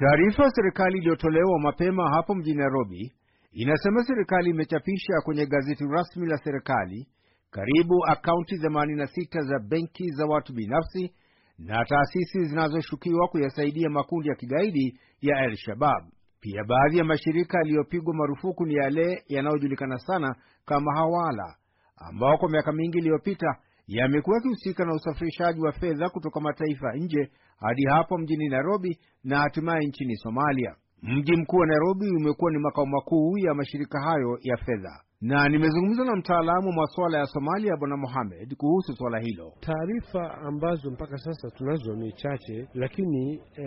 Taarifa serikali iliyotolewa mapema hapo mjini Nairobi inasema serikali imechapisha kwenye gazeti rasmi la serikali karibu akaunti 86 za benki za watu binafsi na taasisi zinazoshukiwa kuyasaidia makundi ya kigaidi ya Al Shabab. Pia baadhi ya mashirika yaliyopigwa marufuku ni yale yanayojulikana sana kama Hawala, ambao kwa miaka mingi iliyopita yamekuwa yakihusika na usafirishaji wa fedha kutoka mataifa nje hadi hapo mjini Nairobi na hatimaye nchini Somalia. Mji mkuu wa Nairobi umekuwa ni makao makuu ya mashirika hayo ya fedha na nimezungumza na mtaalamu wa masuala ya Somalia Bwana Mohamed kuhusu swala hilo. Taarifa ambazo mpaka sasa tunazo ni chache, lakini e,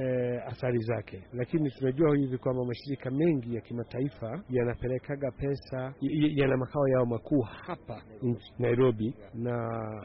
athari zake, lakini tunajua hivi kwamba mashirika mengi ya kimataifa yanapelekaga pesa, yana makao yao makuu hapa Nairobi, na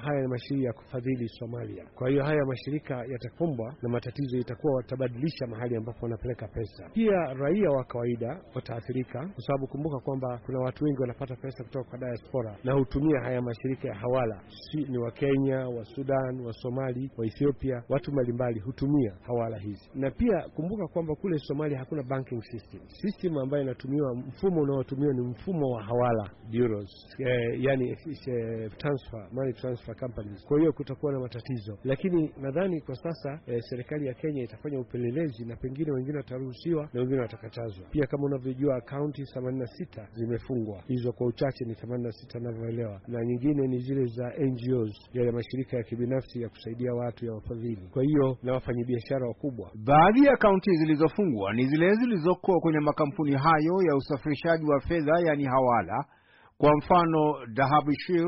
haya ni mashirika ya kufadhili Somalia. Kwa hiyo haya mashirika yatakumbwa na matatizo, itakuwa watabadilisha mahali ambapo wanapeleka pesa. Pia raia wa kawaida wataathirika, kwa sababu kumbuka kwamba kuna watu wengi wanapata pesa kutoka kwa diaspora na hutumia haya mashirika ya hawala, si ni Wakenya, wa Sudan, wa Somali, wa Ethiopia, watu mbalimbali hutumia hawala hizi. Na pia kumbuka kwamba kule Somalia hakuna banking system. System ambayo inatumiwa, mfumo unaotumiwa ni mfumo wa hawala bureaus, eh, yani eh, transfer, money transfer companies. Kwa hiyo kutakuwa na matatizo, lakini nadhani kwa sasa eh, serikali ya Kenya itafanya upelelezi na pengine wengine wataruhusiwa na wengine watakatazwa. Pia kama unavyojua akaunti 86 zimefungwa hizo kwa uchache ni 86 anavyoelewa, na nyingine ni zile za NGOs, yale mashirika ya kibinafsi ya kusaidia watu ya wafadhili, kwa hiyo na wafanyabiashara wakubwa. Baadhi ya kaunti zilizofungwa ni zile zilizokuwa kwenye makampuni hayo ya usafirishaji wa fedha, yani hawala, kwa mfano Dahabishir,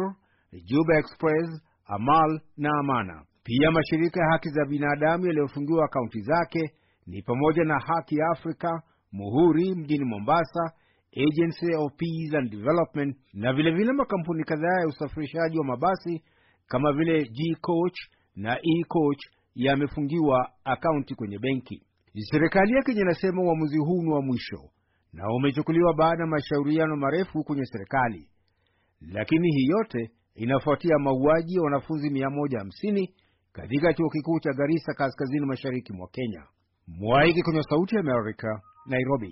Juba Express, Amal na Amana. Pia mashirika ya haki za binadamu yaliyofungiwa kaunti zake ni pamoja na Haki ya Afrika, Muhuri mjini Mombasa, Agency of Peace and Development na vilevile vile makampuni kadhaa ya usafirishaji wa mabasi kama vile G Coach na E Coach yamefungiwa akaunti kwenye benki. Serikali ya Kenya inasema uamuzi huu ni wa mwisho na umechukuliwa baada ya mashauriano marefu kwenye serikali, lakini hii yote inafuatia mauaji ya wanafunzi 150 katika chuo kikuu cha Garissa kaskazini mashariki mwa Kenya. Mwaiki kwenye Sauti ya Amerika, Nairobi.